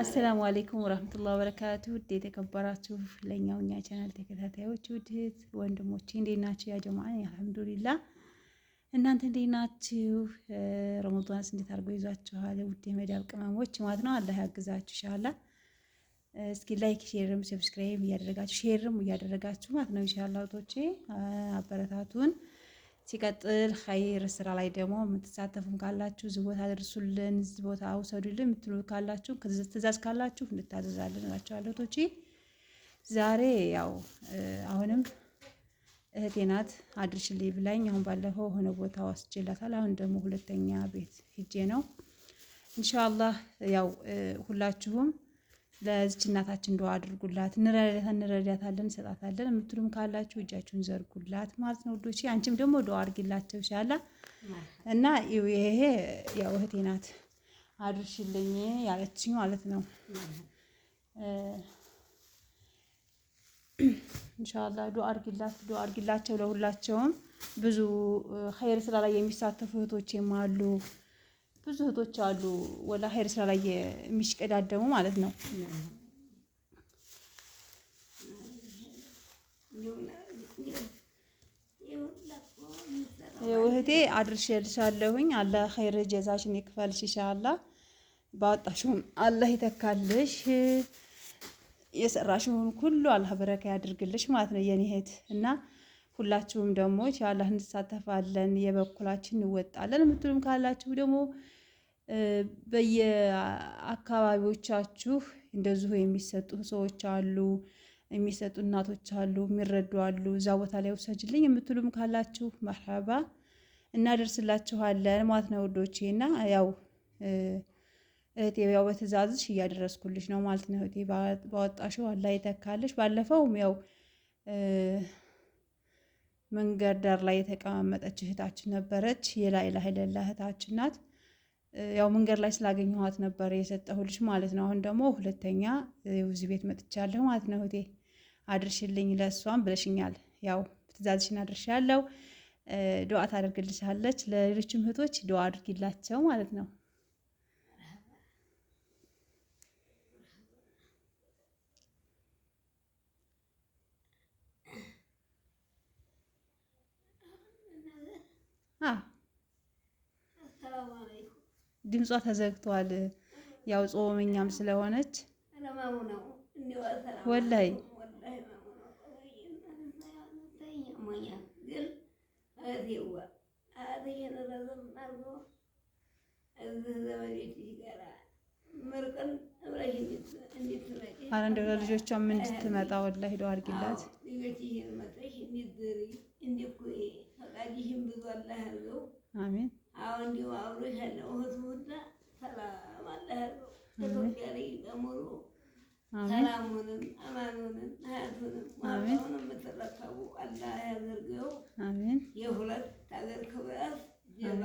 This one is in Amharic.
አሰላሙ አሌይኩም ወረህመቱላህ ወበረካቱ። ውድ የተከበራችሁ ለእኛውኛ ቻናል ተከታታዮች ውድ እህት ወንድሞቼ እንዴት ናችሁ? ያ አልሐምዱሊላ። እናንተ እንዴት ናችሁ? ረመዳንስ እንዴት አድርጎ ይዟችኋል? ውድ የመዳብ ቅመሞች ማለት ነው። አላህ ያግዛችሁ ሻላ እስኪ ላይክ ሼርም ሰብስክራይብ እያደረጋችሁ ሼርም እያደረጋችሁ ማለት ነው። ኢንሻአላህ ቶቼ አበረታቱን። ሲቀጥል ኸይር ስራ ላይ ደግሞ የምትሳተፉም ካላችሁ እዚህ ቦታ አድርሱልን፣ እዚህ ቦታ አውሰዱልን የምትሉ ካላችሁ ትእዛዝ ካላችሁ እንታዘዛለን እላቸዋለሁ። እህቶቼ ዛሬ ያው አሁንም እህቴ ናት አድርሽልኝ ብላኝ አሁን ባለፈው ሆነ ቦታ ወስጄላታል። አሁን ደግሞ ሁለተኛ ቤት ሂጄ ነው። ኢንሻአላህ ያው ሁላችሁም ለዚች እናታችን ዱዓ አድርጉላት። እንረዳታ እንረዳታለን እንሰጣታለን የምትሉም ካላችሁ እጃችሁን ዘርጉላት ማለት ነው ውዶች። አንቺም ደግሞ ዱዓ አድርጊላቸው ይሻላ እና ይሄ ያው እህቴ ናት አድርሽልኝ ያለችኝ ማለት ነው። እንሻላ ዱዓ አድርጊላት፣ ዱዓ አድርጊላቸው ለሁላቸውም ብዙ ኸይር ስራ ላይ የሚሳተፉ እህቶቼም አሉ ብዙ እህቶች አሉ ወላ ሀይር ስራ ላይ የሚሽቀዳደሙ ማለት ነው። እህቴ አድርሼልሻለሁኝ። አላህ ኸይር ጀዛሽን ይክፈልሽ። ኢንሻአላህ ባወጣሽውም አላህ ይተካልሽ። የሰራሽውን ሁሉ አላህ በረካ ያድርግልሽ ማለት ነው የኔ እህት እና ሁላችሁም ደግሞ ኢንሻላህ እንሳተፋለን፣ የበኩላችን እንወጣለን የምትሉም ካላችሁ ደግሞ በየአካባቢዎቻችሁ እንደዚሁ የሚሰጡ ሰዎች አሉ፣ የሚሰጡ እናቶች አሉ፣ የሚረዱ አሉ። እዛ ቦታ ላይ ውሰጅልኝ የምትሉም ካላችሁ መርሐባ እናደርስላችኋለን ማለት ነው ውዶቼ። እና ያው እህቴ ያው በትእዛዝሽ እያደረስኩልሽ ነው ማለት ነው እህቴ። ባወጣሽው አላህ ይተካልሽ። ባለፈውም ያው መንገድ ዳር ላይ የተቀማመጠች እህታችን ነበረች። የላይላ ሀይለላ እህታችን ናት። ያው መንገድ ላይ ስላገኘኋት ነበር የሰጠሁልሽ ማለት ነው። አሁን ደግሞ ሁለተኛ እዚህ ቤት መጥቻለሁ ማለት ነው። እህቴ አድርሽልኝ ለእሷም ብለሽኛል። ያው ትእዛዝሽን አድርሻለሁ። ዱዓ ታደርግልሻለች። ለሌሎችም እህቶች ዱዓ አድርጊላቸው ማለት ነው። ድምጿ ተዘግቷል። ያው ጾመኛም ስለሆነች ወላይ አረ ልጆቿም እንድትመጣ ወላሂ ሄደው አድርጊላት። ድንገትሽን መጥተሽ ንገሪኝ። እንዲህ እኮ ፈቃድሽን ብዙ አላህ ያድርገው። አሜን። አዎ እንዲሁ አብሮሽ ያለው እህት ሁላ ሰላም አላህ ኢትዮጵያ ላይ በሙሉ ሰላሙንም አማኑንም ሀያቱንም ማባውንም የምትረከቡ አላህ ያደርገው። የሁለት ሀገር ክብረት ጀባ